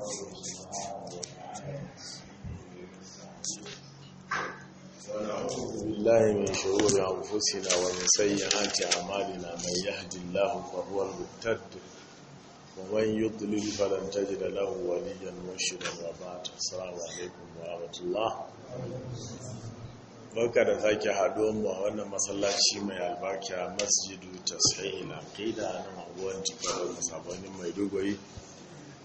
بالله من شرور أنفسنا ومن سيئات أعمالنا من يهدي mai فهو المبتد ومن يضلل فلن تجد له وليا مرشدا وبعد السلام عليكم ورحمة الله barka da sake haduwar mu a wannan masallaci mai albarka masjidu tashihi na qida nan a gwanci faruwar sabonin maiduguri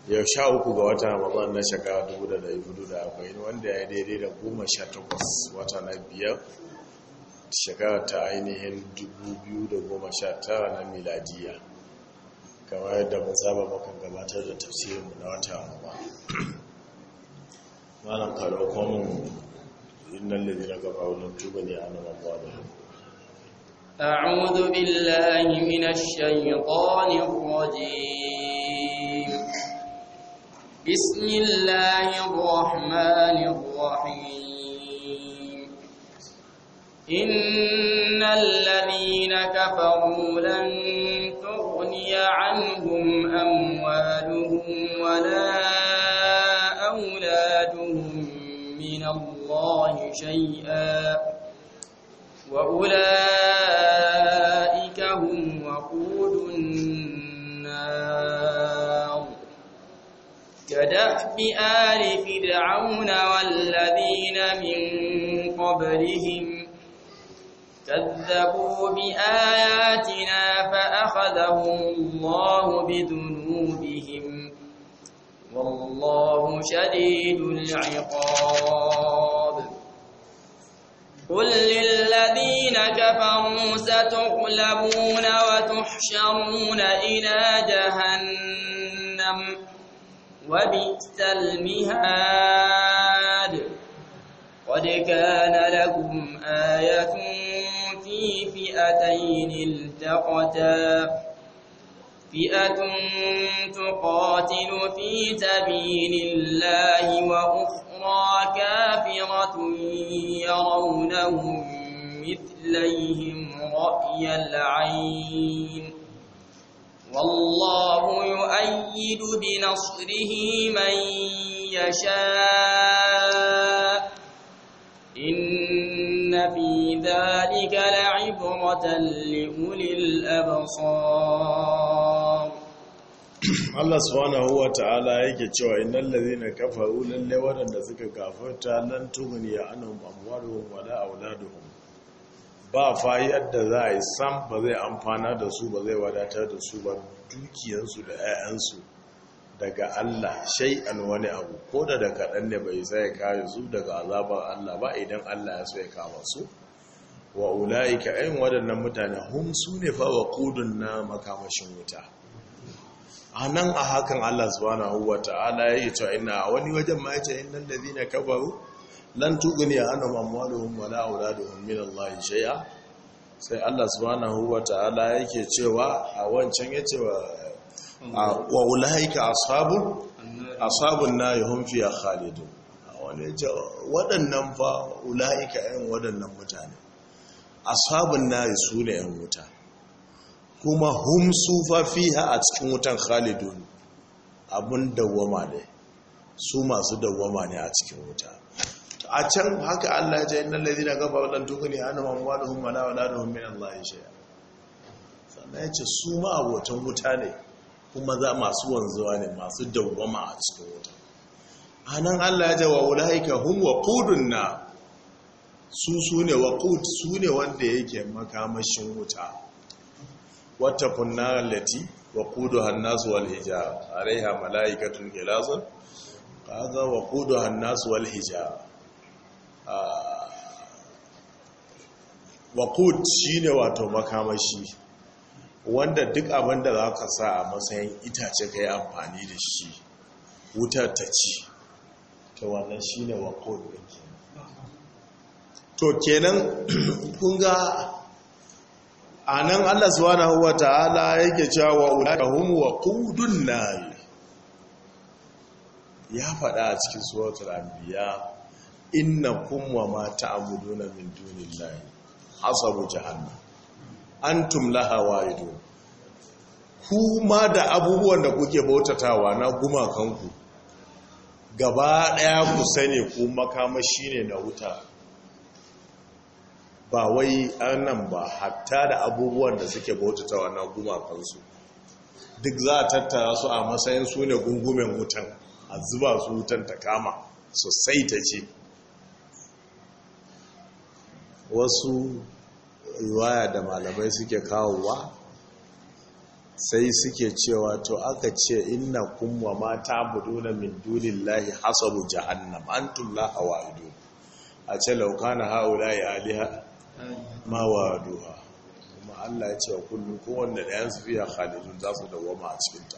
yau sha uku ga wata ramadan na shekara 2040 wanda ya daidai da goma sha takwas wata na biyar shekara ta ainihin 2019 na miladiya kamar yadda mun saba makan gabatar da tafsirinmu na wata ramadan malam karokon kwamin lalle daga gaba wani tuba ne a nan ramadan أعوذ بالله من الشيطان الرجيم بسم الله الرحمن الرحيم إن الذين كفروا لن تغني عنهم أموالهم ولا أولادهم من الله شيئا وأولئك كدأب بآل فرعون والذين من قبلهم كذبوا بآياتنا فأخذهم الله بذنوبهم والله شديد العقاب قل للذين كفروا ستغلبون وتحشرون إلى جهنم وبئس المهاد قد كان لكم آية في فئتين التقتا فئة تقاتل في سبيل الله وأخرى كافرة يرونهم مثليهم رأي العين والله يؤيد بنصره من يشاء إن في ذلك لعبرة لأولي الأبصار Allah subhanahu wa ta'ala yake cewa innal ladhina kafaru lalle wadanda suka kafarta lan tughni anhum amwaluhum wala auladuhum ba fa yadda za a yi sam ba zai amfana da su ba zai wadatar da su ba dukiyansu da 'ya'yansu daga Allah shai'an wani abu ko da da kaɗan ne bai zai kare su daga azabar Allah ba idan Allah ya so ya kama su wa ula'ika ayin waɗannan mutane hum su ne fa wa na makamashin wuta a nan a hakan Allah subhanahu wa ta'ala ya yi ta ina wani wajen ma ya ce innan da kabaru lan tuguni anhum amwaluhum wala auladuhum min Allah shay'a sai Allah subhanahu wata'ala yake cewa a wancan yace wa wa ulaika ashabu ashabun nar hum Khalidu. khalidun wani yace waɗannan fa ulaika ɗin waɗannan mutane ashabun nar su ne 'yan wuta kuma hum sufa fiha a cikin wutan khalidun abun dawwama ne su masu dawwama ne a cikin wuta a can haka Allah ya ce innal ladina gabaru lan tukuni anhum amwaluhum wala da min Allah shay'a sannan ya ce su ma abotan wuta ne kuma za masu wanzuwa ne masu dawwama a cikin wuta nan Allah ya wula haika hun wa kudun na su su ne waqud su ne wanda yake makamashin wuta wata kunna lati wa kudu hannasu wal hijab alaiha malaikatun ghilazun hadha wa kudu hannasu wal hijab Ah, wakud shi ne wato makamashi wanda duk abin da za ka sa a matsayin itace ka yi amfani da shi wutar ta ci ta wannan shi ne wakud ɗinki to kenan kunga a nan allah subhanahu wa ta'ala yake cewa ulakahum waqudun na ya faɗa a cikin suratul anbiya inna kuma ma ta'buduna min dunillahi hasabu jahannam antum laha ido ku ma da abubuwan da kuke bautatawa na gumakanku gaba ɗaya ku sani ku makamashi ne na wuta ba wai nan ba hatta da abubuwan da suke bautatawa na gumakansu duk za a tattara su a matsayin su ne gungumen wutan a zuba su wutan ta kama sosai ta ce wasu riwaya da malamai suke kawowa sai suke cewa to aka ce inna kumwa mata buduna min dunillahi hasabu jahannam antum la hawaidu a ce laukana haula ya aliha ma waduha kuma Allah ya ce wa kullum kowanne da yansu fiya khalidun za su dawoma a cikinta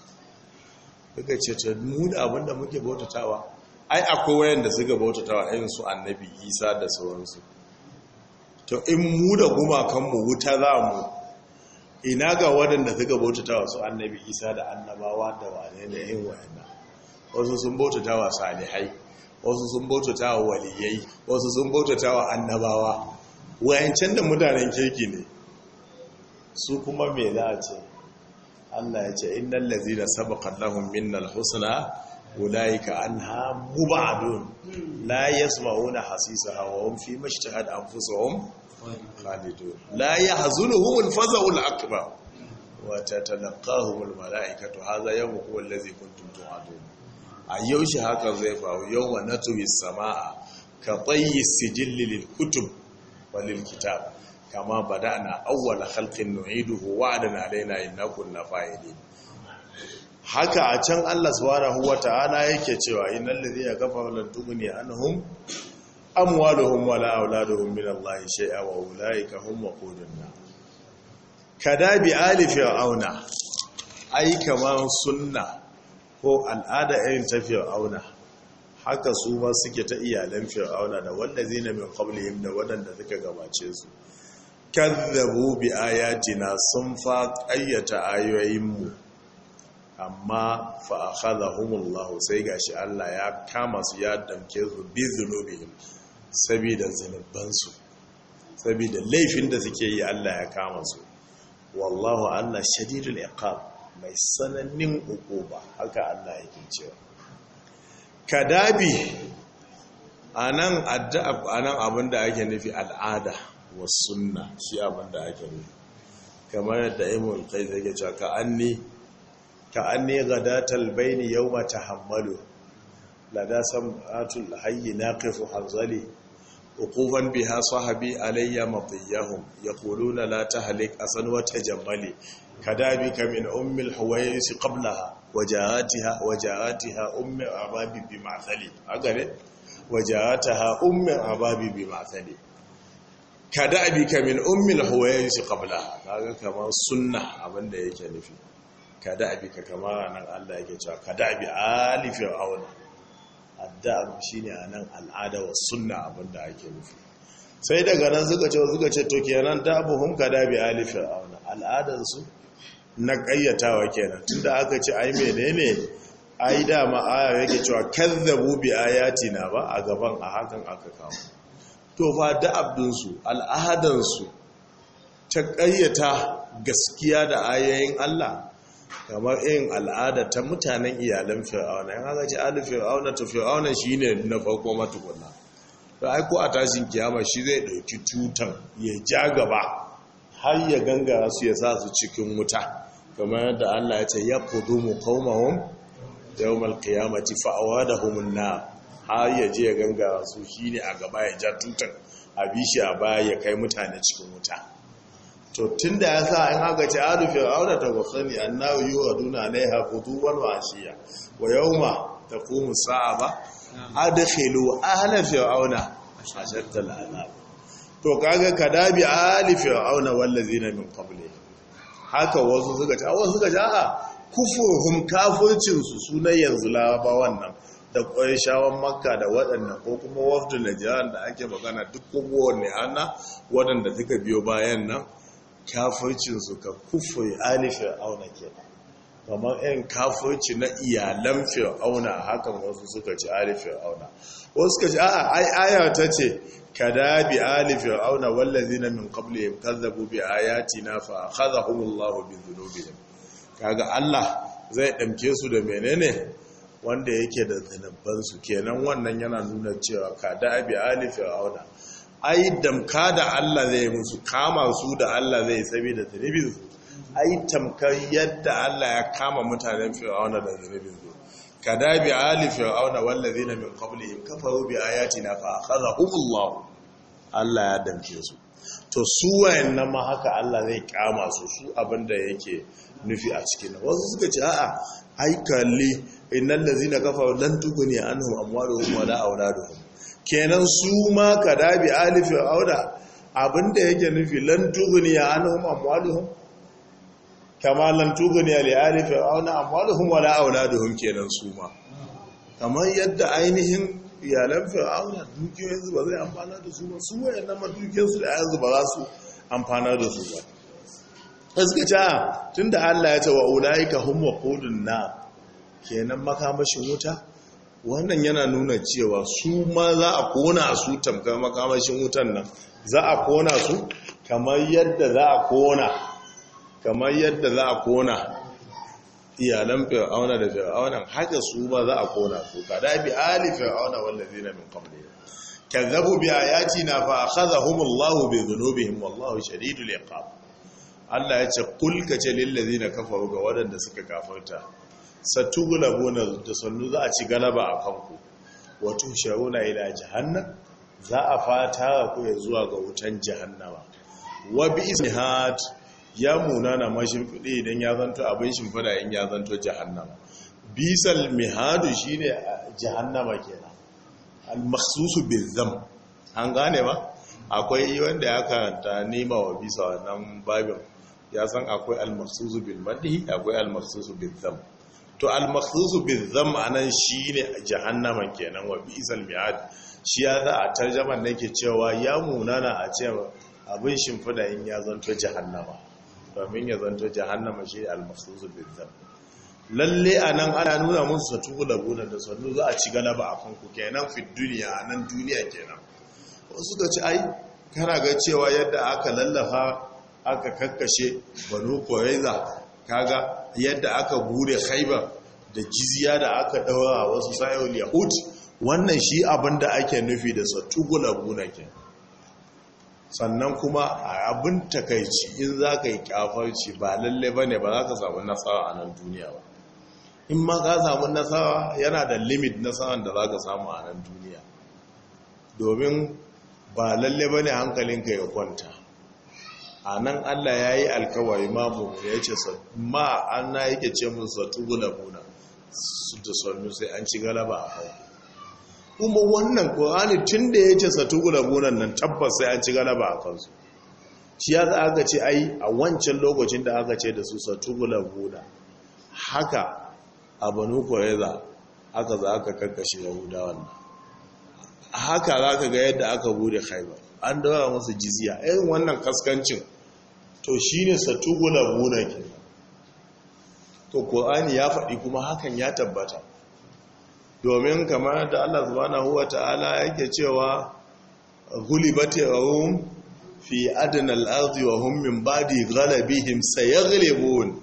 Daga ce ta nuna abinda muke bautatawa ai akwai wayanda suka bautatawa irin su annabi isa da sauransu to in mu da gumakanmu wuta za mu ina ga waɗanda suka bautata wasu annabi isa da annabawa da wane da yin wa'ina wasu sun bautata wa salihai wasu sun bautata wa waliyai wasu sun bautata wa annabawa wayancan da mutanen kirki ne su kuma mai za a ce Allah ya ce innal ladzina sabaqat lahum minnal husna ulaika anha mubadun la yasma'una hasisaha wa hum fi mashtahat anfusuhum khalidun la yahzunuhum al-faza'u al-akbar wa tatalaqahum al hadha yawmukum alladhi kuntum tu'adun ayyau haka zai faru yawma natwi as-sama'a ka tayyi sijilli lil-kutub wa lil-kitab kama bada'na awwal khalqin nu'iduhu wa'adna alaina inna kunna fa'ilin haka a can Allah subhanahu wata'ala yake cewa innal ladhina kafaru lan tughni anhum amwaluhum wala auladuhum min Allah shay'a wa ulaika hum waqudun kadabi ali fir'auna ai kama sunna ko al'ada irin ta fir'auna haka su ma suke ta iyalan fir'auna da wallazina min qablihim da wadanda suka gabace su kazzabu bi ayatina sun fa ayyata ayoyinmu mu amma fa humullahu, sai shi Allah ya kama su ya damke su bi zunubihim saboda zunubansu saboda laifin da suke yi Allah ya kama su wallahu Allah shadidul iqab mai sananin ba, haka Allah yake cewa kadabi anan addu'a anan abinda ake nufi al'ada wa sunna shi abinda ake nufi kamar da Imam Qayyim yake cewa ka anni ka an ne gada talbaini yau mata hammalu lada sam'atul hayyi na kaifu hanzali ukufan biha sahabi alayya halik yaquluna la tahlik asan wa tajammali ka min ummi alhuwayis qablaha waja'atiha waja'atiha ummi ababi bimathali haka ne waja'ataha ummi ababi bimathali ka min ummi alhuwayis qablaha kaga kamar sunna abinda yake nufi ka da'abi ka kama ranar Allah yake cewa ka da'abi ali fir'aun adda'ab shine anan al'ada wa sunna abinda ake nufi sai daga nan suka ce suka ce to kenan kada ka da'abi ali fir'aun al'adar su na kayyatawa kenan tunda aka ce ai menene ai ma aya yake cewa kazzabu bi ayatina ba a gaban a hakan aka kawo to fa da'abdin su al'adan su ta kayyata gaskiya da ayoyin Allah kamar yin al'ada ta mutanen iyalan fir'auna ya haka ce alif fir'auna ta fir'auna shi ne na farko matukunna Da aiko a tashin kiyama shi zai ɗauki tutan ya ja gaba har ya gangara su ya sa su cikin wuta kamar yadda allah ya ce ya kudu mu kaumahun yawmal kiyamati fa'awa da humunna har ya je ya gangara su shi ne a gaba ya ja tutan a bishi a baya ya kai mutane cikin wuta to tun da ya sa in haka ce adu fir'auna ta wasani annahu yuwaduna alaiha quduwan wa ashiya wa ta kuma sa'a ba a a da adkhilu auna a ashatta al'anab to kaga ka kadabi auna wanda wallazina min kwamle haka wasu suka ce wasu suka ce a, kufurhun kafircin sunan yanzu laraba wannan da shawar makka da waɗannan ko kuma da jiran da ake magana duk ne ana waɗanda suka biyo bayan nan kafircinsu ka kufuri alifin fir'auna ke kamar yan kafirci na iyalan fir'auna hakan wasu suka ci alifin fir'auna wasu suka ci a'a aya ta ce kadabi ali fir'auna wallazina min ya qablihim kazzabu bi na fa akhadhahumullahu bi dhunubihim kaga Allah zai damke su da menene wanda yake da zinabbansu? kenan wannan yana nuna cewa ka kadabi ali fir'auna ai damka da Allah zai musu kama su da Allah zai da zunubin su ai tamkar yadda Allah ya kama mutanen fir'auna da zunubin su kada bi ali fir'auna wallazina min qablihim kafaru bi ayatina fa akhadhahumullah Allah ya damke su to su wayannan ma haka Allah zai kama su su abinda yake nufi a cikin wasu suka ce a'a ai kalli innal ladzina kafaru lan tughni anhum amwaluhum wala auladuhum kenan su ma ka dabi alifin auda abinda yake nufi lantuguni ya anuhum amwaluhum kama lantuguni ya alifin auna amwaluhum wala duhun kenan su ma kamar yadda ainihin iyalan fir'auna dukiyoyin zuba zai amfana da su ba su wayan nan madukiyarsu da yanzu ba za su amfana da su ba suka ce ah, tun da allah ya ce wa hun wa kodin na kenan makamashin wuta wannan yana nuna cewa su ma za a kona su tamkar makamashin wutan nan za a kona su kamar yadda za a kona kamar yadda za a kona iyalan fir'auna da fir'aunan haka su ma za a kona su kada bi ali fir'auna wallazina min qablihi kazzabu bi na fa akhadhahumullahu bi dhunubihim wallahu shadidul iqab Allah ya ce kulka ce lillazina kafaru ga waɗanda suka kafarta satughlabuna da sannu za a ci galaba a kanku wato tusharuna ila jahannam za a fata ku ya zuwa ga wutan jahannama wa bi ismihat ya munana fide idan ya zanto abin fada in ya zanto jahannama bisal mihadu shine jahannama kenan al makhsusu zam. an gane ba akwai wanda ya karanta nima wa bisa wannan babin ya san akwai al makhsusu bil madhi akwai al makhsusu zam. to al bil bizam anan shine jahannaman kenan wa bisal mi'ad shi ya za a tarjaman nake cewa ya munana a ce abin shimfida in ya zanto jahannama domin ya zanto jahannama shi al bil-dham lalle anan ana nuna musu satu labuna da sannu za a ci galaba a kanku kenan fi duniya anan duniya kenan wasu ka ci ai kana ga cewa yadda aka lallafa aka kakkashe banu koyaiza kaga yadda aka bude haibar da jiziya da aka a wasu sayon yahud wannan shi abin da ake nufi da satugula gunake sannan kuma a abin takaici in za ka yi kyafarci ba lalle ba ne ba za ka samu nasara a nan duniya ba in ma ka samu nasara yana da limit nasarar da za ka samu a nan duniya domin ba lalle ba ne hankalinka ya kwanta a nan allah ya yi alkawari mamu ya ce ma an na yake ce mun satubu labuna su da sannu sai an ci galaba a hau kuma wannan ƙorani tun da ya ce satubu labunan nan tabbas sai an ci galaba a kansu shi ya aka ce ai a wancan lokacin da aka ce da su satubu labuna haka a banu kwareza aka za aka karkashe wannan haka za ka ga yadda aka bude haibar an daura musu jiziya irin wannan kaskancin to shine satughlabuna ke to qur'ani ya faɗi kuma hakan ya tabbata domin kamar da Allah subhanahu wata'ala yake cewa ghulibat rum fi adna al-ardi wa hum min ba'di ghalabihim sayaghlibun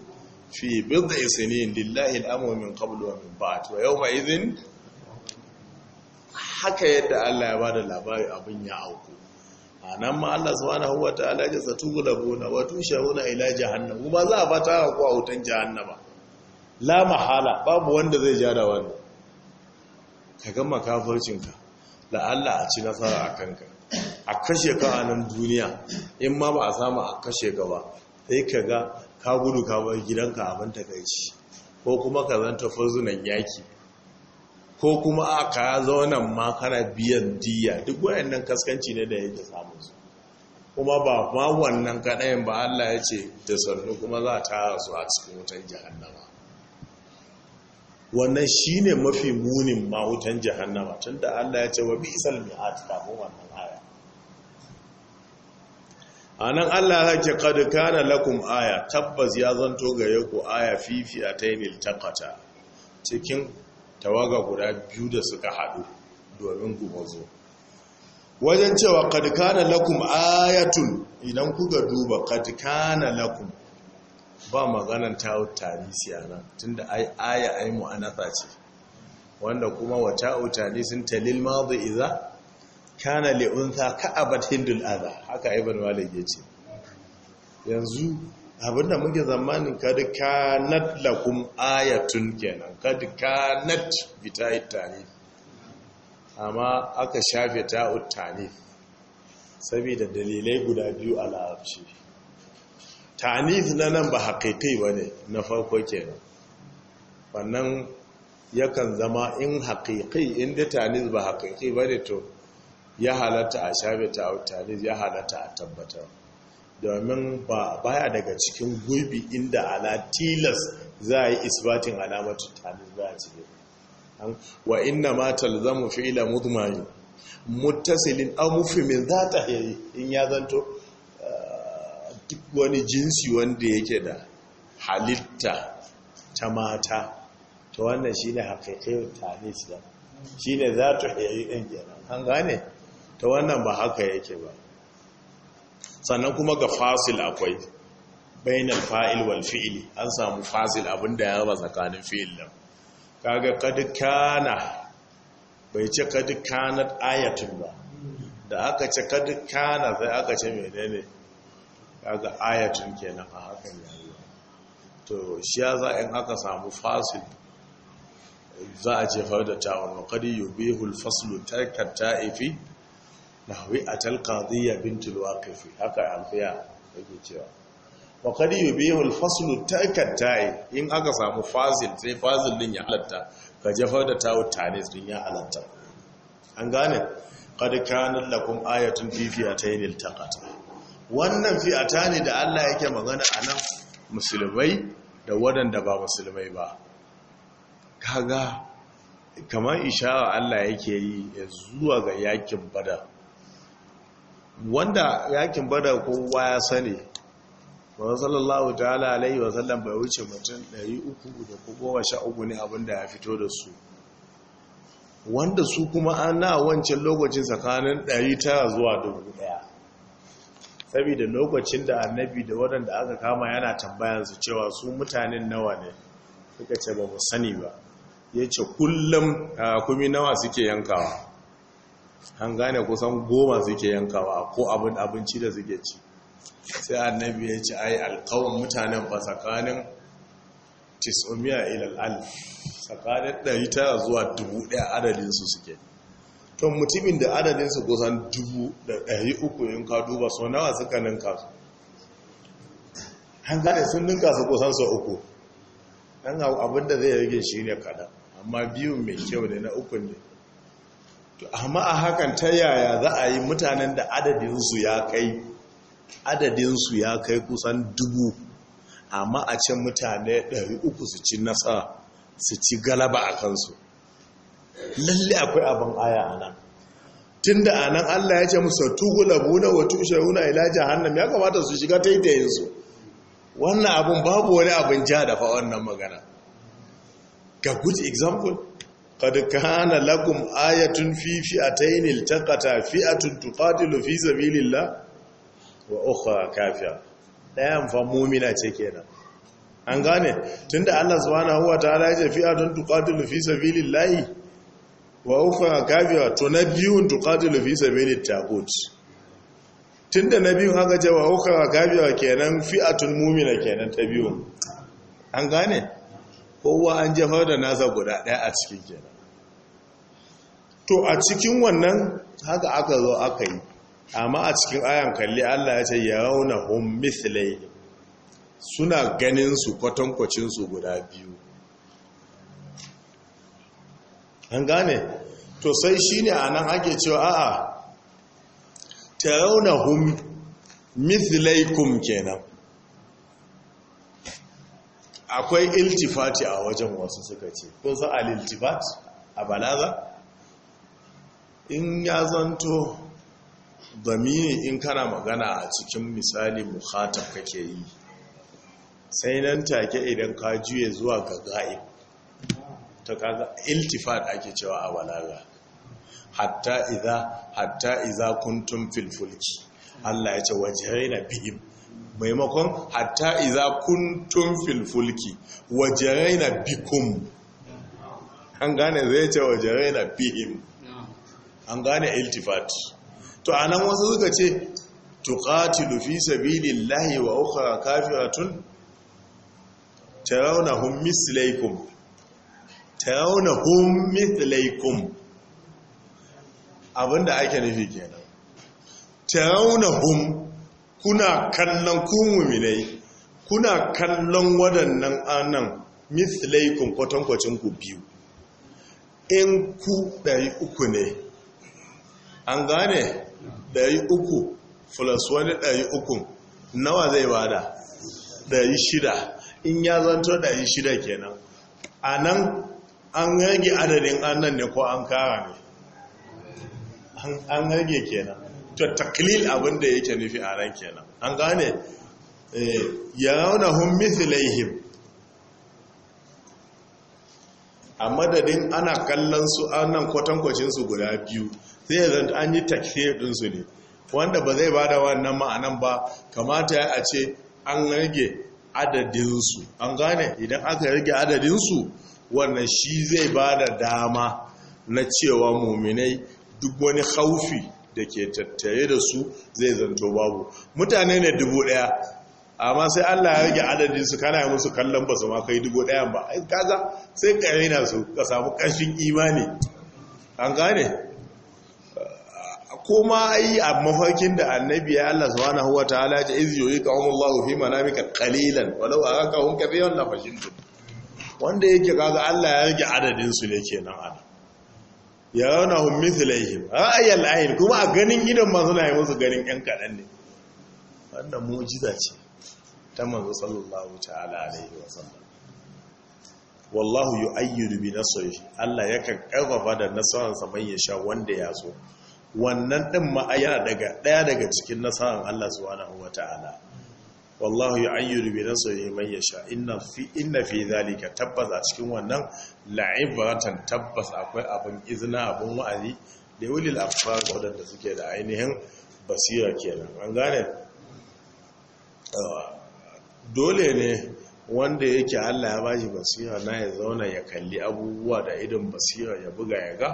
fi bid'i sinin lillahi al-amru min qablu wa min wa haka yadda Allah ya bada labari abin ya auku anan ma Allah subhanahu ta'ala ya satughlabuna wa tushawuna ila jahannam kuma za a fata ku a hutan jahannama la mahala babu wanda zai ja da wani ka ga ka, la Allah a ci nasara a ka, a kashe ka a nan duniya in ma ba a samu a kashe ka ba sai ka ga ka gudu ka bar gidanka abin ta takaici ko kuma ka zanta fuzunan yaki ko kuma a ka zaune ma kana biyan diya duk wayannan kaskanci ne da yake samu su kuma ba ma wannan kaɗayin ba Allah ya ce da sannu kuma za ta su a cikin wutan jahannama wannan shi ne mafi munin ma wutan jahannama tun da Allah ya ce wa bi isal mi'at kafin wannan aya a nan Allah ya ce kad kana lakum aya tabbas ya zanto gare ku aya fifi a taimil cikin tawaga guda biyu da suka haɗu domin gumazo wajen cewa kadkana lakum ayatun idan kuka duba kadkana lakum ba maganan ta tarihi anan tunda ai aya ai mu'anatha ce wanda kuma wata utali sun talil madhi idza kana li untha ka'abat hindul adha haka ibn malik yace yanzu abinda muke zamanin kadi kanat lakum ayatun kenan kadi kanat bita ittani amma aka shafe ta utani saboda dalilai guda biyu a larabci tanif na nan ba haƙiƙi ba ne na farko kenan wannan yakan zama in haƙiƙi inda tanif ba haƙiƙi ba ne to ya halatta a shafe ta utani ya halatta a tabbatar domin ba baya daga cikin gurbi inda ala tilas za a yi isbatin alamatu tanis ba a cikin wa inna ma mutasilin an mufi min za ta zata in ya zanto eh, duk wani jinsi wanda yake da halitta ta mata ta wannan shi shine haqiqiyar tanis da shine ta hayyi din kenan an gane Ta wannan ba haka yake ba sannan kuma ga fasil akwai bainal fa'il wal fi'ili an samu fasil abinda ya raba tsakanin fi'il nan kaga kad kana bai ce kad kanat ayatun ba da aka ce kad kana sai aka ce menene kaga ayatun kenan a hakan yayi to shi ya za in aka samu fasil za a jefar da ta'awun kadi yubihul faslu tarkata ifi nahwi atal qadiyya bintul waqifi haka alfiya yake cewa wa qad yubihu al fasl yi in aka samu fazil sai fazil din ya halatta ka jafar da tawo tanis din ya halatta an gane qad kana lakum ayatun fi fi'atayn iltaqat wannan fi'atani da Allah yake magana anan musulmai da wadanda ba musulmai ba kaga kamar ishawa Allah yake yi zuwa ga yakin badar wanda yakin bada kowa ya sani wa sallallahu ta'ala alaihi wa sallam bai wuce mutum da uku ne abinda ya fito da su wanda su kuma ana wancan lokacin tsakanin 900 zuwa 1000 saboda lokacin da annabi da wadanda aka kama yana su cewa su mutanen nawa ne suka ce ba mu sani ba ya ce kullum kumi nawa suke yankawa an gane kusan goma suke yankawa ko abin abinci da suke ci sai annabi ya ci ai alkawun mutanen ba tsakanin tisomiya ilal'al tsakanin 900 zuwa 1000 adadinsu suke to mutumin da adadinsu kusan 300 yin ka duba so nawa suka ninka su an gane sun ninka su kusan sau uku ɗan abin da zai rage shi ne kada amma biyun mai kyau ne na uku ne amma a hakan ta yaya za a yi mutanen da adadinsu ya kai adadinsu ya kai kusan dubu amma a can mutane 300 su ci nasa su ci galaba a kansu lalle akwai abin aya a nan tun da a nan allah ya ce musa wata ushe tushayuna ila hannun ya kamata su shiga taitayinsu wannan abin babu wani abin ja dafa wannan magana ga good example قد كان لكم آية في فئتين التقطا فئة تقاتل في سبيل الله وأخرى كافرة ɗayan fa ce kenan an gane tunda Allah subhanahu wa ta'ala ya ce fi'atun tuqatilu fi sabilillahi wa ukhra kafira to na biyun fi sabilit taqut tunda na biyun haka ce wa ukhra kafira kenan fi'atun mumina kenan ta biyun an gane kowa an jefar da nasa guda ɗaya a cikin kenan to a cikin wannan haka aka zo aka yi amma a cikin ayan kalli Allah ya ce ya rauna hum suna ganin su kwatankwacin su guda biyu an gane to sai shine anan ake cewa a'a ta rauna hum kum kenan akwai iltifati a wajen wasu suka ce kun iltifat a balaga in ya zanto zamini in kana magana a cikin misali mukhatab kake yi sai nan take idan ka juye zuwa ga ga'ib ta kaga iltifat ake cewa a balaga hatta idza hatta idza kuntum fil fulki Allah ya ce wajhaina bihim maimakon hatta iza kuntum filfulki. wajerai na bikum an gane zai ce na bihim an gane iltifat to a nan wasu suka ce tuqatilu fi sabilillahi wa ukara kafiratun tarawnahum mislaikum hun mislaikun abinda ake nufi kenan tarawnahum kuna kallon ku mu'minai kuna kallon waɗannan anan mislaikun kwatankwacin ku biyu in ku ɗari uku ne an gane ɗari uku plus wani ɗari uku nawa zai bada ɗari shida in ya zanto ɗari shida kenan a nan an rage adadin anan ne ko an kara ne an rage kenan to taklil abin yake nufi a ran kenan an gane eh, hun mithilaihim a madadin ana kallon su nan kwatankwacin su guda biyu sai yanzu an yi taklil din su ne wanda ba zai bada wannan ma'anan ba kamata ya ce an rage adadinsu an gane idan aka rage adadinsu wannan shi zai ba da dama na cewa muminai duk wani haufi da ke tattare da su zai zanto babu mutane ne dubu daya amma sai Allah ya rage adadin su kana musu kallon ba su ma kai dubu daya ba ai kaza sai ka na su ka samu kashin imani an gane kuma ai a mafarkin da annabi ya Allah subhanahu wataala ya ka yuyika umullahu fi manamika qalilan walau araka hum na la fashintu wanda yake kaga Allah ya rage adadin su ne kenan ana ya na hummin silaihim a ayyar la'ayin kuma a ganin gidan masu na yi musu ganin yan kaɗan ne wannan mujiza ce ta manzo sallallahu ta'ala alaihi wa sallam wallahu yu'ayyidu bi nasrihi Allah ya yakan ƙarfafa da nasararsa man sha wanda ya so wannan ɗin ma daga daya daga cikin nasarar Allah subhanahu wa ta'ala wallahu yu'ayyidu bi nasrihi man yasha inna fi inna fi zalika tabbas a cikin wannan la'ibratan tabbas akwai abin izina abin wa'azi da wuli afkar wadanda suke da ainihin basira kenan an gane dole ne wanda yake Allah ya bashi basira na ya zauna ya kalli abubuwa da idon basira ya buga ya ga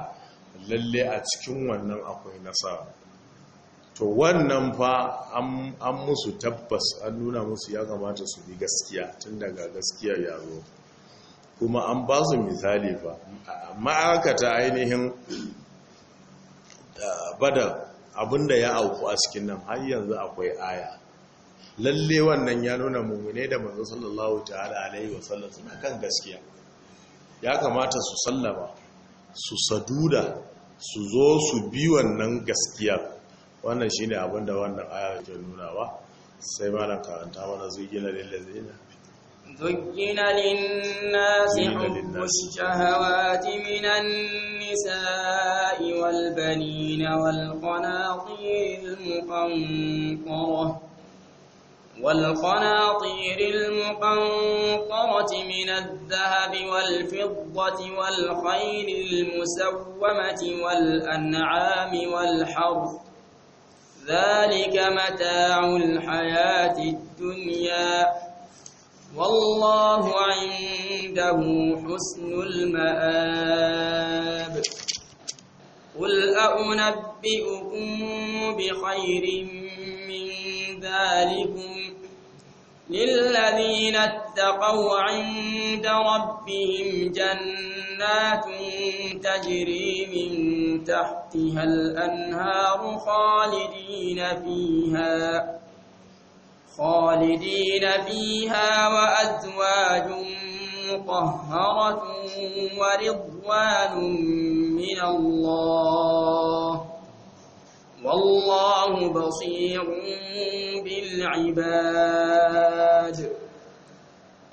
lalle a cikin wannan akwai nasara to wannan fa an musu tabbas an nuna musu ya kamata su bi gaskiya tun daga gaskiya ya zo kuma an ba su misali fa ma'aikata ainihin ah, bada abinda ya auku a cikin nan har yanzu akwai aya lalle wannan ya nuna mummune da manzo sallallahu ta'ala alaihi wa wasallam suna kan gaskiya ya kamata su sallama su saduda su zo su bi wannan gaskiya wannan shi abin da wannan aya ke ba, sai malam karanta mana zuyina lil ladzina zuyina lin nasi shahawati minan nisa'i wal banina wal والقناطير المقنطرة من الذهب والفضة والخيل المسومة والأنعام والحرث ذلك متاع الحياة الدنيا والله عنده حسن المآب قل أنبئكم بخير من للذين اتقوا عند ربهم جنات تجري من تحتها الأنهار خالدين فيها خالدين فيها وأزواج مطهرة ورضوان من الله والله بصير بالعباد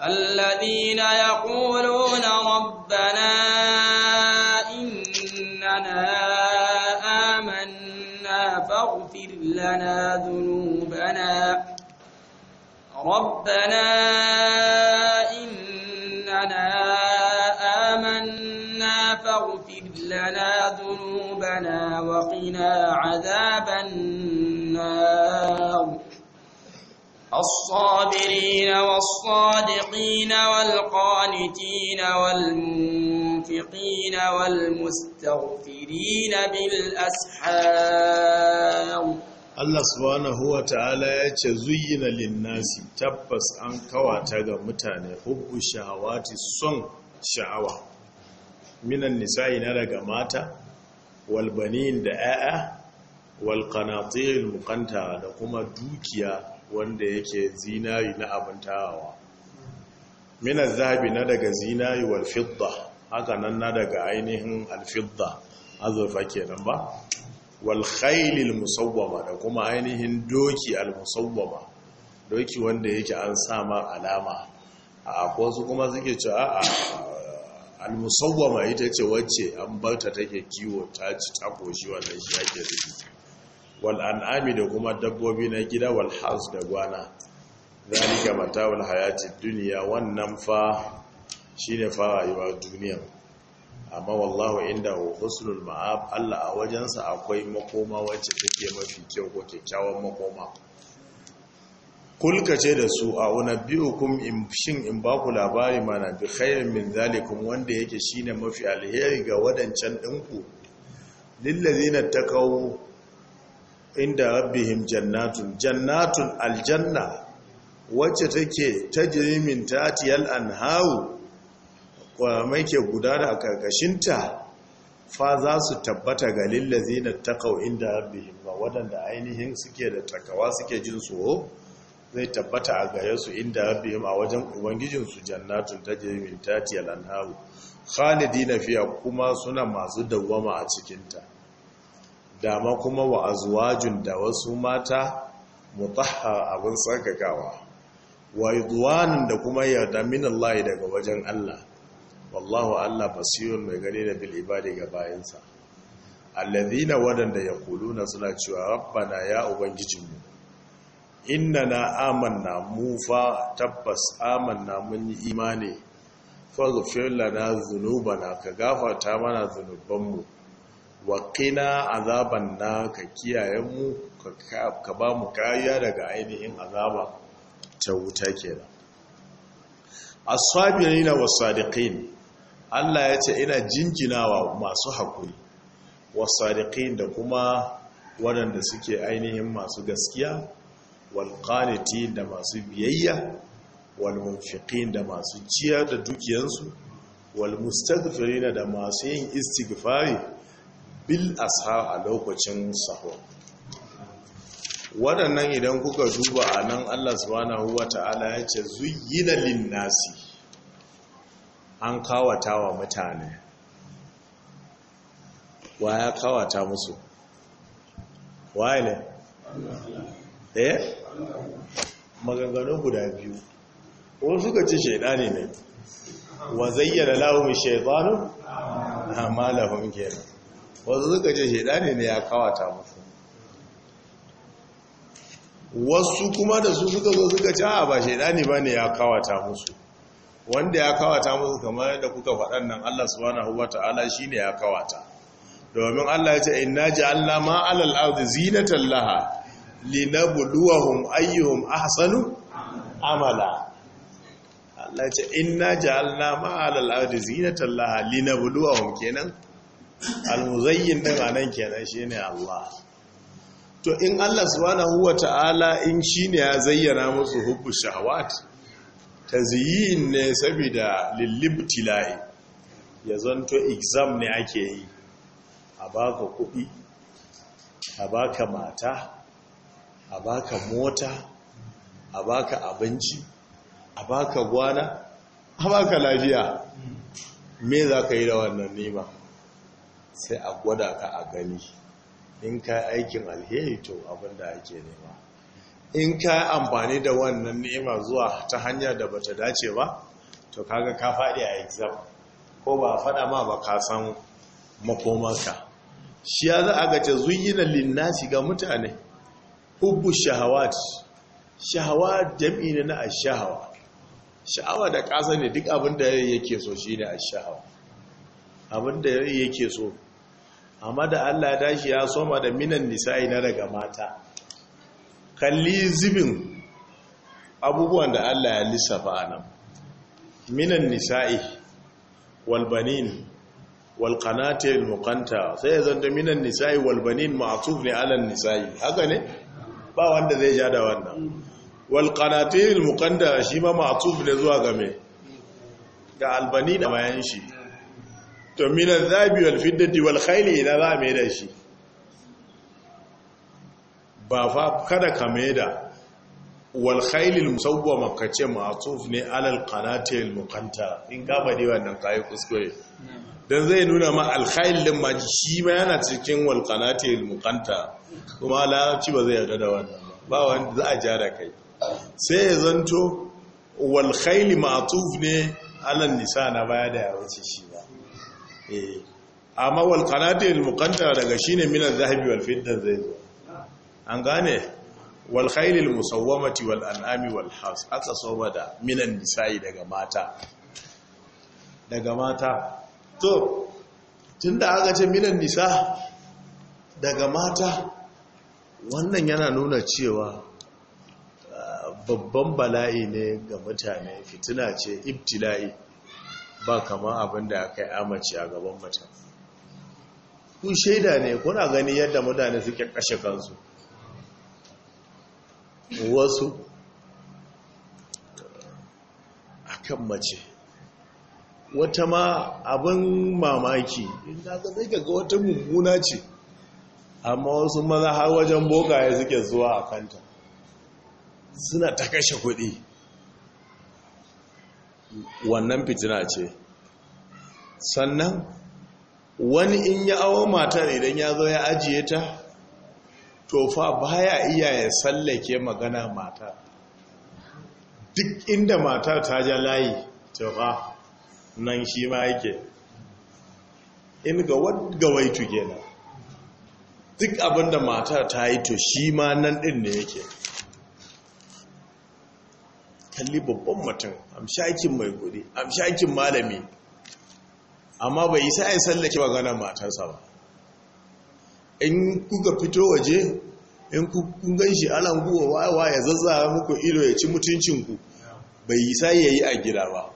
الذين يقولون ربنا إننا آمنا فاغفر لنا ذنوبنا ربنا وقنا عذاب النار الصابرين والصادقين والقانتين والمنفقين والمستغفرين بالأسحار Allah subhanahu wa ta'ala ya ce zuyyina linnasi tabbas an kawata ga mutane hubbu shahawati son sha'awa minan nisa'i na daga mata walbanin da 'ya'ya walƙanatiril mukanta da kuma dukiya wanda yake zinari na abin mina minar zabi na daga zinari walfidda haka nan na daga ainihin alfidda azurfa ke kenan ba walkhailil musawwama da kuma ainihin doki almusawwama doki wanda yake an sama alama a wasu kuma suke ce a Al-Musawwa almusawwama ita ce wacce an barta take kiwo ta ci ta koshi wannan shi ake wal an'ami da kuma dabbobi na gida wal hals da gwana zalika matawul hayati duniya wannan fa shine fa rayuwa duniya amma wallahu inda husnul ma'ab Allah a wajensa akwai makoma wacce take mafi kyau ko kyakkyawan makoma kulkace da su a unabbi'ukum in shin in ba ku labari mana bi khairin min zalikum wanda yake shine mafi alheri ga wadancan dinku lillazina takaw inda rabbihim jannatun jannatun aljanna wacce take ta min tatiyar anharu wa mai ke guda da karkashinta fa za su tabbata ga lillazina takaw inda rabbihim ba wadanda ainihin suke da takawa suke jin tsoro zai tabbata a gare su inda rabbihim a wajen ubangijin su jannatun tajri min tahtiha al-anharu khalidina fiya kuma suna masu dawwama a cikinta dama kuma wa azwajun da wasu mata mutahhar abin tsarkakawa wa idwanin da kuma yarda min Allah daga wajen Allah wallahu Allah basirun mai gani da bil ibadi ga bayansa alladhina wadanda yaquluna suna cewa rabbana ya ubangijinmu inna na amanna mu fa tabbas amanna mun yi imani faghfir lana dhunubana ka gafarta mana dhunubanmu wa qina azaban na ka kiyaye mu ka ba mu kariya daga ainihin azaba ta wuta kenan as-sabirina was-sadiqin Allah ya ce ina jinjinawa masu haƙuri wa sadiqin da kuma waɗanda suke ainihin masu gaskiya walƙaniti da masu biyayya walmunfiƙin da masu ciyar da dukiyansu walmustagfirina da masu yin istighfari bil ashar a lokacin saho. waɗannan idan kuka duba a nan allah subhanahu wa ta'ala ya ce zuyina linnasi an kawata wa mutane wa ya kawata musu wa ne eh maganganun guda biyu wani suka ce shaidani ne wa zayyana lahum shaytanu amalahum ah, kenan wasu suka ce shaidani ne ya kawata musu wasu kuma da su suka zo suka ce a ba shaidani ne ya kawata musu wanda ya kawata musu kamar yadda kuka faɗan nan Allah subhanahu shi ne ya kawata domin Allah ya ce inna ja'alna ma 'alal ardi zinatan laha linabluwahum ayyuhum ahsanu amala Allah ce inna ja'alna ma'alal ardi zinatan laha linabluwahum kenan almuzayyin din anan kenan shine Allah to in Allah subhanahu wata'ala in shine ya zayyana musu hubbu shahawat tazyin ne saboda lilibtila'i ya zanto exam ne ake yi a baka kuɗi a baka mata a baka mota a baka abinci a baka gwana a baka lafiya me za ka yi da wannan nema sai a gwada ka a gani in ka aikin alheri to abinda ake nema in ka amfani da wannan nema zuwa ta hanyar da bata dace ba to kaga ka faɗi a exam ko ba a faɗa ma ba ka san makomarka shi ya za a gace na linnasi ga mutane hubbu shahawat shahawa jam'i ne na ashahawa sha'awa da ƙasa ne duk abin da yake so shi ne ashahawa abin da yake so amma da Allah ya tashi ya soma da minan nisa'i na daga mata kalli zibin abubuwan da Allah ya lissafa nan minan nisa'i walbanin walqanatil mukanta sai ya zanta minan nisa'i walbanin ma'atuf ne alan nisa'i haka ne ba wanda zai ja da wannan wal qanatil shi ma ma'tuf ne zuwa game ga albani da mayan shi to min zabi wal fiddati wal khayli mai da shi ba fa kada ka mai da wal khailil musawwama kace ma'tuf ne alal qanatil muqanta in ka dai wannan kai kuskure dan zai nuna ma al khail din ma shi ma yana cikin wal qanatil muqanta kuma ci ba zai yarda da wannan ba wanda za a jara kai sai ya zanto wal khail ma'tuf ne alal nisa na baya da ya wuce shi ba eh amma wal qanatil muqanta daga shine minan zahabi wal fidda zai zo an gane wal khailil musawwamati wal an'ami wal has aka da minan nisa'i daga mata daga mata to tunda aka ce minan nisa daga mata wannan yana nuna cewa babban bala'i ne ga mutane fitina ce ibtila'i ba kama abin da aka yi amince a gaban mutane ku shaida ne kuna gani yadda mutane suke kashe kansu wasu akan mace wata ma abin mamaki inda ta zai ga wata mummuna ce amma wasu maza har wajen ya suke zuwa a kanta suna ta kashe kuɗi wannan fitina ce sannan wani in yi awon matar idan ya zo ya ajiye ta Tofa ba baya iya ya tsallake magana mata duk inda mata ta ja layi tofa nan shi ma yake in ga gawaitu kenan duk abinda mata ta yi to shi ma nan din ne yake kalli babban mutum amshakin mai gudi amshakin malami amma bai yi sai tsallake maganar matarsa ba in kuka fito waje in kun gan shi ana guwa wawa ya zazza muku ido ya ci mutuncinku bai isa ya yi a gida ba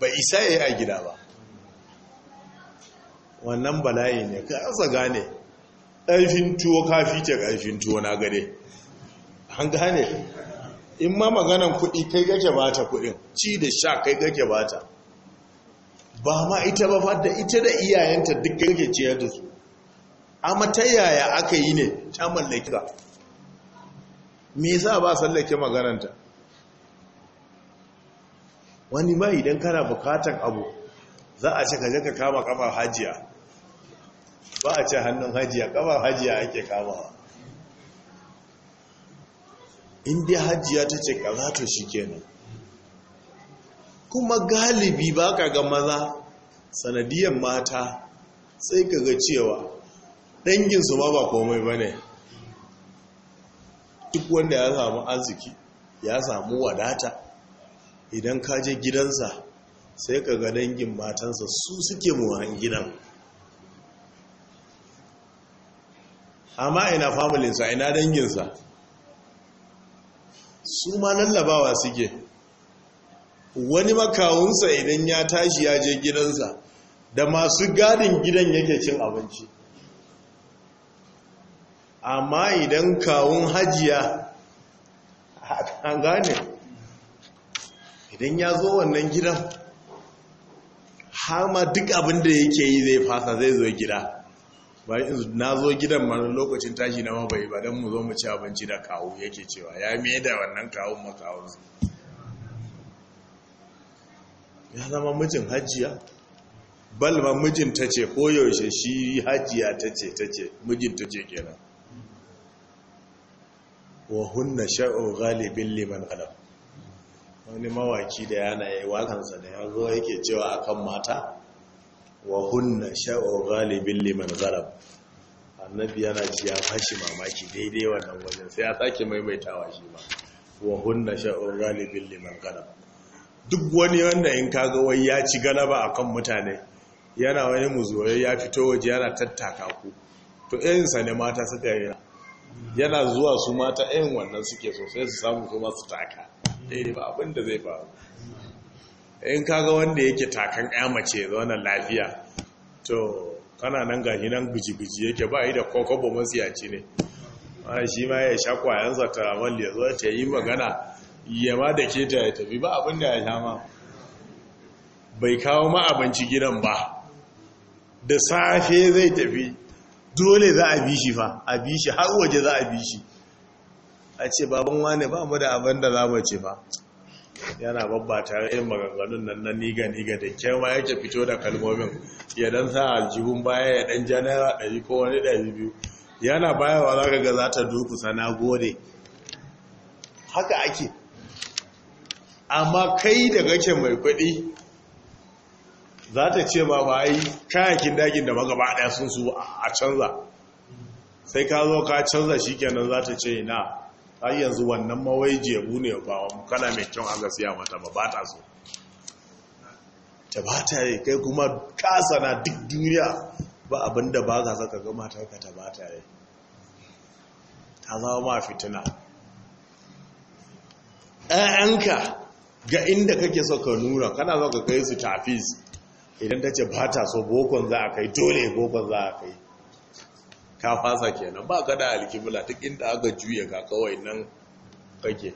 bai isa ya yi a gida ba wannan bala'i ne ka asa gane ƙarfin tuwo kafi ce ƙarfin tuwo na gade an gane in ma maganan kuɗi kai gake bata kuɗin ci da sha kai gake bata ba ma ita ba fadda ita da iyayenta duk gake ciyar da su A ta yaya aka yi ne ta mallaki ka me yasa ba sallake magananta wani ma idan kana bukatan abu za a ce ka je ka kama kafa hajiya ba a ce hannun hajiya kafa hajiya ake kama in hajiya ta ce kaza shikenan kuma galibi ba ka ga maza sanadiyar mata sai ka ga cewa danginsu ma ba komai ba ne duk wanda ya samu arziki ya samu wadata idan ka je gidansa sai ka ga dangin matansa su suke muwan gidan amma ina familinsa ina danginsa su ma lallabawa suke wani makawunsa idan ya tashi ya je gidansa da masu gadin gidan yake cin abinci amma idan kawun hajiya an gane idan ya zo wannan gidan har ma duk abinda yake yi zai fasa zai zo gida bayan na zo gidan ma lokacin tashi na mabai ba don mu zo mu ci abinci da kawo yake cewa ya mai da wannan kawun su ya zama mijin hajiya balma mijinta ce koyaushe shi hajiya ta ce ta ce mijinta ce kenan wa hunna sha'u ghalibin liman ghalab wani mawaki da yana yi wakansa da ya zo yake cewa akan mata wa hunna sha'u ghalibin liman zarab annabi yana ci ya fashi mamaki daidai wannan wajen sai ya sake maimaitawa shi ba wa hunna sha'u ghalibin liman ghalab duk wani wanda in kaga wai ya ci galaba akan mutane yana wani muzurai ya fito waje yana tattaka ku to sa ne mata suka yi yana zuwa su mata 'yan wannan suke sosai su samu kuma su taka daidai ba abinda zai faru in kaga wanda yake takan ya mace zaune lafiya to kana nan gani nan guji-guji yake ba yi da kokobo masiyaci ne shi ma ya sha kwayansa ta da ya zo ta yi magana ya ma da ke ta ya tafi ba abin da ya sha ma bai kawo ma abinci gidan ba da safe zai tafi dole za a bi fa a bi har waje za a bi shi a ce baban wane ba mu da abin da za mu ce ba yana babba tare yin maganganun nan na niga-niga da kyama yake fito da kalmomin ya dan sa aljihun baya ya dan janara ɗari ko wani ɗari biyu yana bayawa za ka ga za ta duku sana gode haka ake amma kai da gake mai kuɗi za ta ce ma ba yi kayakin dakin da magaba daya sun su a canza sai ka zo ka canza shi kenan za ta ce na ta yanzu wannan mawai jebu ne ba wa kana mai kyau a gasiya mata ba ba ta so ta ba ta yi kai kuma kasa na duk duniya ba abinda ba ka saka ga matarka ta ba ta yi ta zama ma fitina ‘ya'yanka ga inda kake so ka nura kana so ka kai su tafis idan ta ce ba ta so bokon za a kai dole bokon za a kai ka fasa kenan ba ka da duk inda aka juya ga kawai nan kake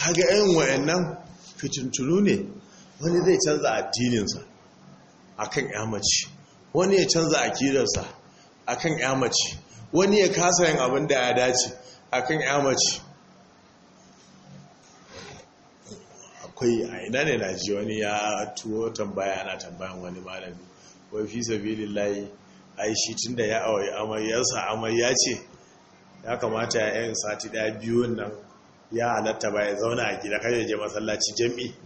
Haga yin wayannan fitintulu ne wani zai canza addininsa akan yamaci wani ya canza akidarsa akan yamaci wani ya kasa yin abin da ya dace akan yamaci akwai a ina ne na ji wani ya tuwo tambaya ana tambayan wani malami wai fi sabilillahi ai shi tunda ya awayi amaryarsa amarya ce ya kamata ya yin sati daya biyu nan ya halatta ba ya zauna a gida kai ya je masallaci jami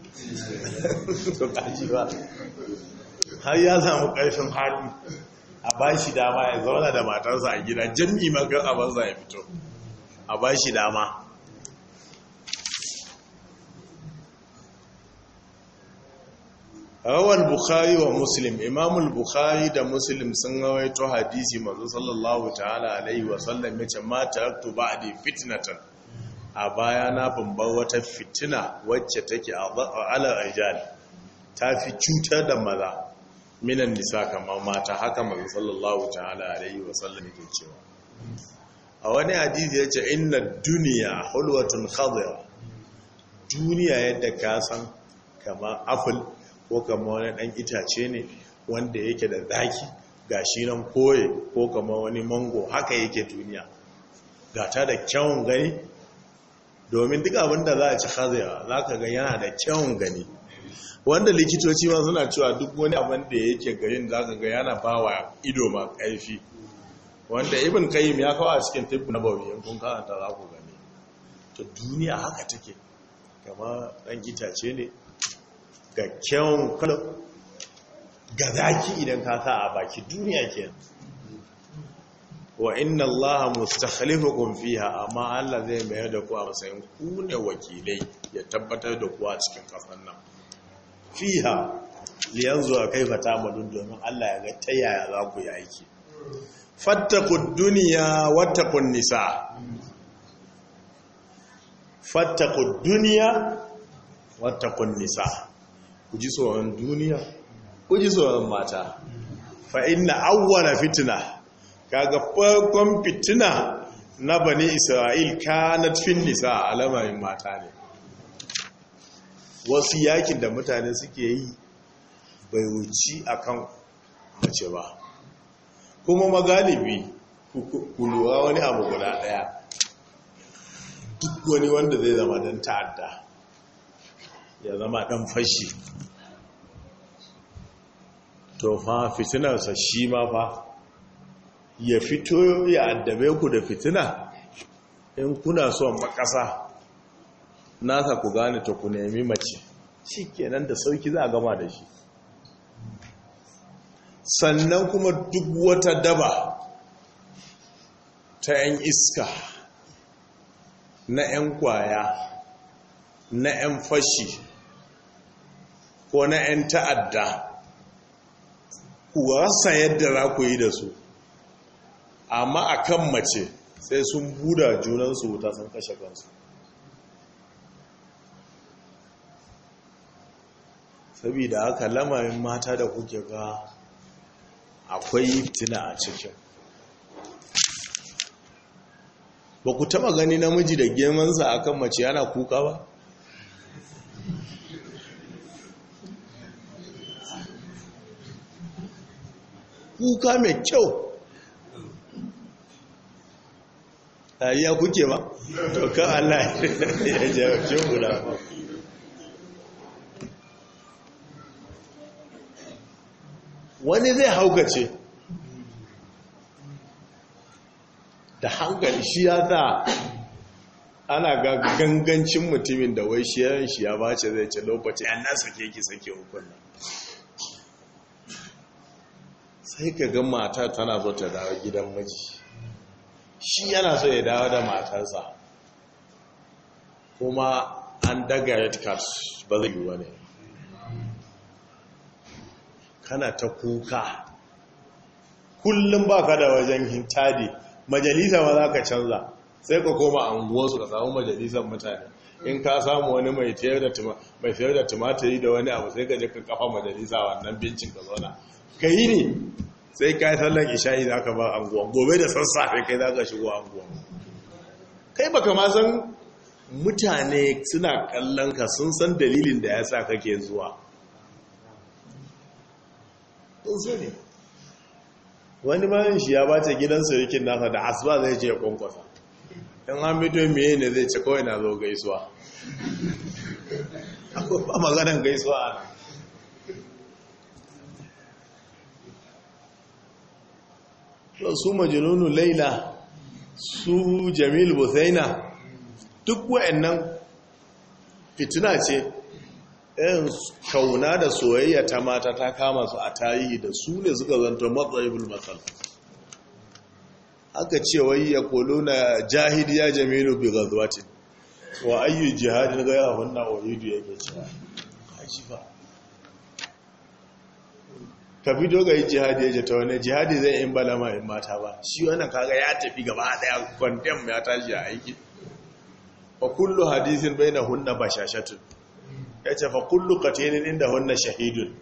har ya samu karfin hannu a bashi dama ya zauna da matarsa a gida jami magan abin ya fito a bashi dama rawar bukhari wa muslim imamul bukhari da muslim sun rawaito hadisi mazu sallallahu ta'ala alaihi wasallam ya ce ma ba a fitnatan a baya na bambar wata fitina wacce take ala ajal ta fi cutar da maza minan nisa kamar mata haka mazu sallallahu ta'ala alaihi wasallam yake cewa a wani hadisi ya ce inna duniya hulwatun khadira duniya yadda ka san kamar apple ko kama wani ɗan itace ne wanda yake da zaki ga shi nan koye ko kama wani mango haka yake duniya gata da kyawun gani domin duk abin da za a ci hazewa za ka ga yana da kyawun gani wanda likitoci ma suna cewa duk wani abin da yake garin za ka ga yana ba wa ido ma ƙarfi wanda ibin kayim ya kawo a cikin tibbi na bauyin kun karanta za ku gani ta duniya haka take kama ɗan itace ne ga kyan kalab ga zaki idan ka sa a baki duniya ke wa inna allaha kun fiha amma Allah zai mayar da ku a matsayin ku ne wakilai ya tabbatar da ku a cikin kasan nan fiha liyanzu a kai fata madun domin Allah ya ga ta yaya za ku yi aiki fattaku duniya wattaku nisa fattaku duniya wattaku nisa ku ji tsoron duniya ku ji tsoron mata fa na awwala fitina, kaga farkon fitina na bani isra'il na fin nisa a alamarin mata ne wasu yakin da mutane suke yi bai wuci a kan mace ba kuma magalibi ku lura wani abu guda daya duk wani wanda zai zama don ta'adda ya zama ɗan fashi to fa fitinarsa shi ma fa ya fito ya addabe ku da fitina in kuna son makasa nasa ku gane ta ku nemi mace shi kenan da sauki za a gama da shi sannan kuma duk wata daba ta 'yan iska na 'yan kwaya na 'yan fashi ko na 'yan ta'adda ku rasa yadda za ku yi da su amma a kan mace sai sun buda junansu wuta sun kashe kansu saboda haka lamarin mata da kuke ga akwai fitina a cikin ba ku taba gani namiji da gemansa akan mace yana kuka ba kuka mai kyau ya kuke ba to kan Allah ya jarabce wani zai haukace da hankali shi ya za ana ga gangancin mutumin da wai shi ya bace zai ce lokaci an nasa keke sake hukunan sai ka ga mata tana zo ta dawo gidan miji shi yana so ya dawo da matarsa kuma an daga red card ba zai yiwuwa ne kana ta kuka kullum ba ka da wajen hintadi majalisa ba za ka canza sai ka koma anguwarsu ka samu majalisar mutane in ka samu wani mai fiye da tumatiri da wani abu sai ka je ka kafa majalisa wannan bincin ka zauna ka yi ne sai ka yi sallan isha'i za ka ba gobe da sassafe kai za ka shigo anguwan kai baka ma san mutane suna kallon ka sun san dalilin da ya sa kake zuwa wani mayan shi ya bace gidan surikin nasa da asuba zai ce ya kwankwasa in an mito miye ne zai ce kawai na zo gaisuwa akwai ba maganin gaisuwa ana su majalunu laila su jamil busaina duk wa'annan fitina ce ɗin kauna da soyayya ta mata ta kama su a tarihi da su ne suka zanta matsayibul matsal aka ce wai ya kolo na jahidi ya jamilu bi gazuwatin wa ayyu jihadin gaya hunna wa yudu ke cewa ba ka bi dogayi jihadi ya jata wani jihadi zai in bala ma in mata ba shi wani kaga ya tafi gaba daya kwandem ya tashi a aiki fa kullu hadisin na hunna ya ce fa kullu qatilin inda hunna shahidun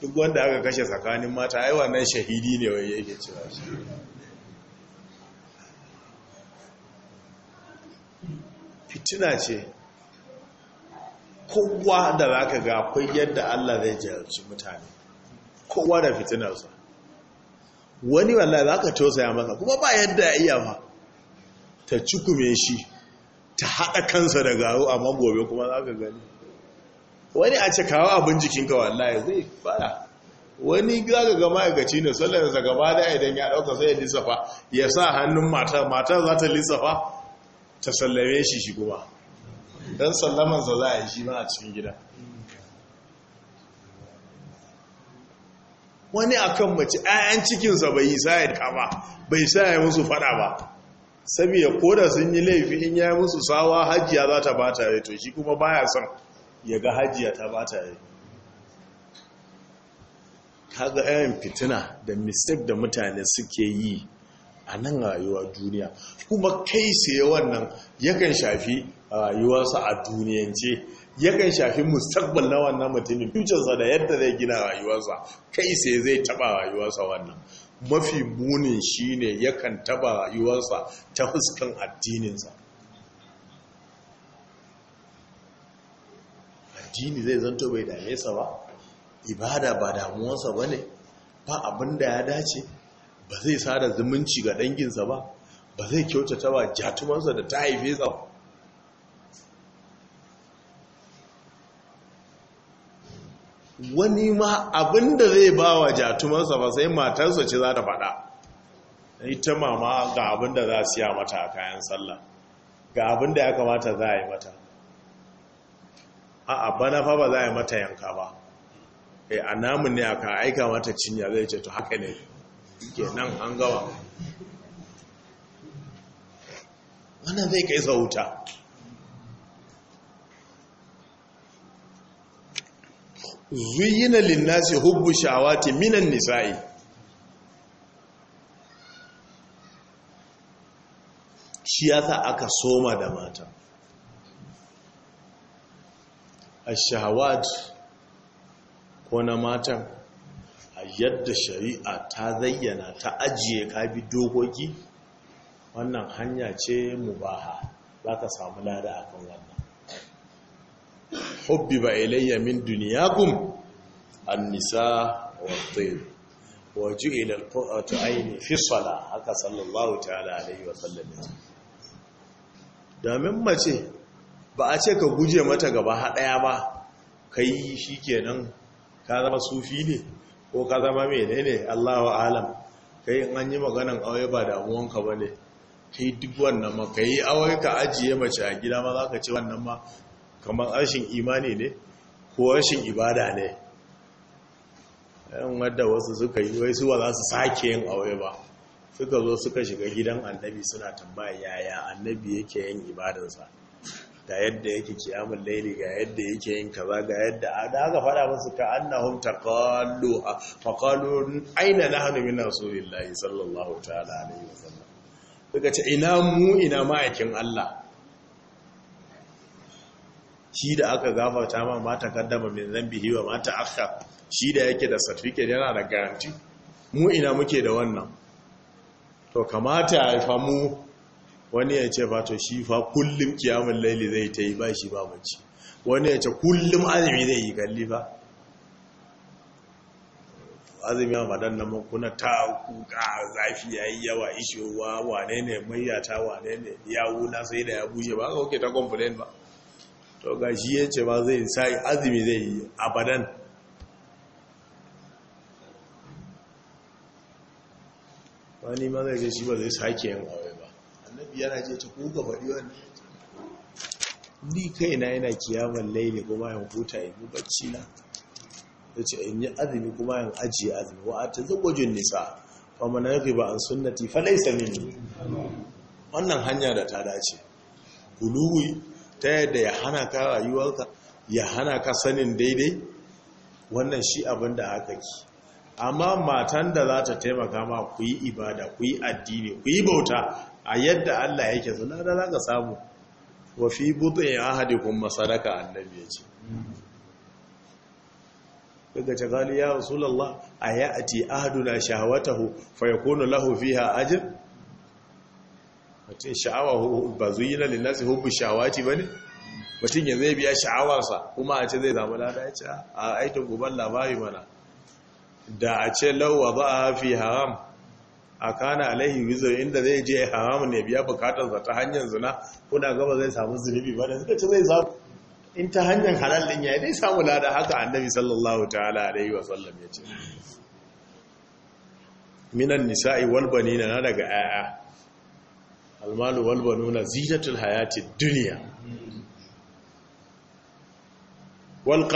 duk wanda aka kashe tsakanin mata ai wannan shahidi ne wai yake cewa shi fitina ce kowa da za ka ga akwai yadda Allah zai jarci mutane kowa da fitinarsa wani wallahi za ka tausaya masa kuma ba yadda ya iya ba ta cikume shi ta haɗa kansa da garu amma gobe kuma za ka gani wani a ce kawo abin jikinka wallahi zai fara wani za ka ga ma'aikaci ne sallarsa gaba da idan ya ɗauka sai ya lissafa ya sa hannun matar, mata za ta lissafa ta sallame shi shi kuma don sallamansa za a yi shi ma a cikin gida wani akan mace 'ya'yan cikinsa bai yi sayar ka ba, bai sa musu fada ba saboda koda sun yi laifi in ya yi musu sawa hajiya za ta ba tare to shi kuma baya son ya ga hajiya ta ba tare Ka ga ayan fitina da mistik da mutane suke yi a nan rayuwa duniya kuma kai sai wannan yakan shafi rayuwarsa a duniyance yakan shafi mustaqbal na wannan mutumin future da yadda zai gina rayuwarsa kai sai zai taba rayuwarsa wannan mafi munin shi shine yakan taba rayuwarsa ta fuskan addininsa addini zai zanto bai dame sa ba ibada ba damuwarsa ba ne ba abin da ya dace ba zai sada zumunci ga danginsa ba ba zai kyautata ba jatumarsa da ta haife sa wani ma abinda zai ba wa jatumansa ba sai matarsa ce za ta faɗa ita mama ga abinda za su ya mata a kayan sallah ga abinda ya kamata za a yi mata a bana fa ba za a yi mata yanka ba e a namun ne aka aika mata cinya zai ce to haka ne ke nan an gawa wannan zai kai wuta. zuyina linnasi hubbu shawati minan nisa'i shi yasa aka soma da mata ashawat ko na matan a yadda shari'a ta zayyana ta ajiye kabi dokoki wannan hanya ce mubaha za ka samu lada akan wannan Hobbi hubbiba ilayya min dunyakum an-nisa wat-tayyib wa ju'ila al-qur'atu ayni fi haka sallallahu ta'ala alaihi wa sallam damin mace ba a ce ka guje mata gaba haɗaya ba kai nan ka zama sufi ne ko ka zama ne Allahu alam kai in an yi maganan aure ba damuwanka bane kai duk wannan ma ka yi aure ka ajiye mace a gida ma za ka ce wannan ma kamar rashin imani ne ko rashin ibada ne ɗan wadda wasu suka yi wai suwa za su sake yin aure ba suka zo suka shiga gidan annabi suna tambaya yaya annabi yake yin ibadansa ga yadda yake kiyamun laili ga yadda yake yin kaza ga yadda da aka fada musu ka annahum taqallu fa qalu aina nahnu min rasulillahi sallallahu ta'ala alaihi wasallam suka ce ina mu ina ma'aikin Allah shi da aka gafarta ma mata kaddama min zambihi wa mata aka shi da yake da certificate yana da garanti mu ina muke da wannan to kamata ya mu wani ya ce to shi fa kullum kiyamun laili zai ta yi ba shi ba mace wani ya ce kullum azumi zai yi kalli ba azumi ma madan na kuna ta kuka zafi ya yi yawa ishewa wane ne mayyata wane ne na sai da ya bushe ba ka ta complain ba to ga shi ya ce ba zai sai azumi zai yi abadan wani ma zai shi ba zai sake yin aure ba annabi yana ce ta kuka faɗi wani ni kaina yana kiyaman laili kuma yin huta yi bacci na ya ce in yi azumi kuma yin ajiye azumi wa a ta zagwajin nisa ba mana yake ba an sunnati falaisa mini wannan hanya da ta dace guluwi ta yadda ya hana ka rayuwarka ya hana ka sanin daidai wannan shi abin da aka ki amma matan da za ta taimaka ma ku yi ibada ku yi addini ku yi bauta a yadda Allah yake suna da za ka samu wa fi haɗe ahadikun masaraka annabi ya ce daga ta ya rasulallah a na ahaduna shahawatahu fa yakunu lahu fiha ajin? mutum sha'awa ba na linnasi hubbu shawati ba ne mutum ya zai biya sha'awarsa kuma a ce zai zama lada ya ce a aikin guban labari mana da a ce lauwa ba a fi haram a kana alaihi wizo inda zai je haram ne biya bukatar ta hanyar zina kuna gaba zai samu zunubi ba da suka ce zai samu in ta hanyar din ya dai samu lada haka annabi sallallahu ta'ala alaihi wa sallam ya ce minan nisa'i wal banina na daga 'ya'ya almalu wal nuna zinatul hayati duniya. wal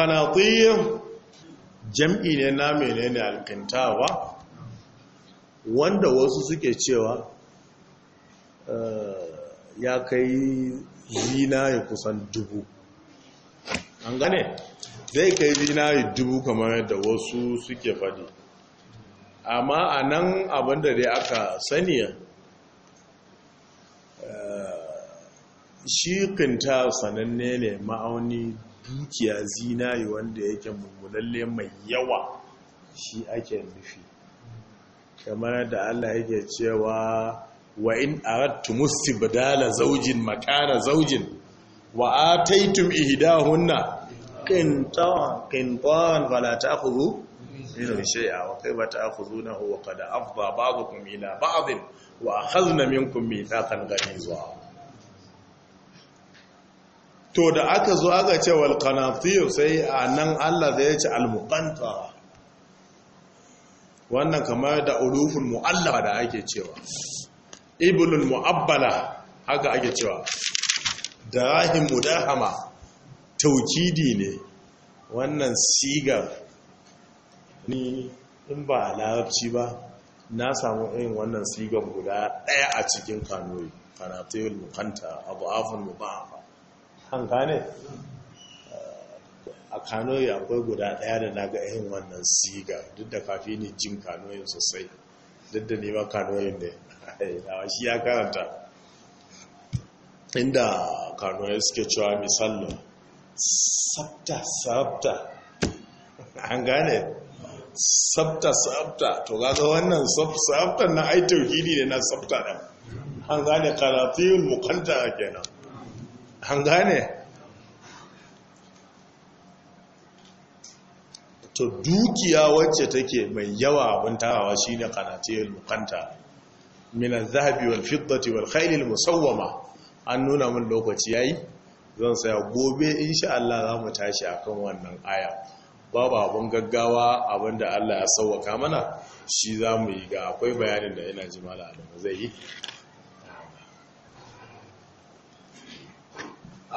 jam'i ne na menene alkintawa? wanda wasu suke cewa eh, ya kai zina kusan dubu an gane zai kai zina dubu kamar yadda wasu suke faɗi amma a nan abinda dai aka sani shi kinta sananne ne ma'auni dukiya zinari wanda yake mummunalle mai yawa shi ake nufi kamar da Allah yake cewa wa in aradtum istibdala zawjin makana zawjin wa ataytum ihdahunna qintan qintan fala ta'khudhu minhu shay'a wa kayfa ta'khudunahu wa qad afdha ba'dukum ila abin wa akhadna minkum mithaqan ghalizan to da aka zo aka ce wal qanatir sai a nan Allah zai ce al wannan kamar da uluful mu'alla da ake cewa ibulul mu'abbala haka ake cewa dahim mudahama taukidi ne wannan sigar ni in ba larabci ba na samu irin wannan sigar guda daya a cikin kanoyi kanatayul mukanta abu afun ba. hanka ne a kanoyi akwai guda daya da na ga yin wannan siga duk da kafi ne jin kanoyin sosai duk da nima kanoyin ne a shi ya karanta inda kanoyin suke cewa misallin sabta sabta an gane sabta sabta to gaga wannan sabta na ai tauhidi ne na sabta ɗan an gane karatun mukanta kenan an gane to dukiya wacce take mai yawa abin tarawa shi ne kanace lukanta, minan zahabi wal fiddati wal khailil musawwama an nuna min lokaci yayi zan saya gobe insha Allah za mu tashi akan wannan aya babu abun gaggawa abinda Allah ya sauwaka mana shi za mu yi ga akwai bayanin da ina ji malamin zai yi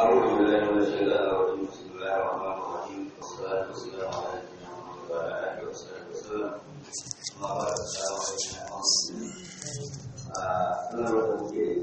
我觉得现在就是来玩玩黄金，不是不是黄金，不是就是是，那再玩点宝石，啊，那东西。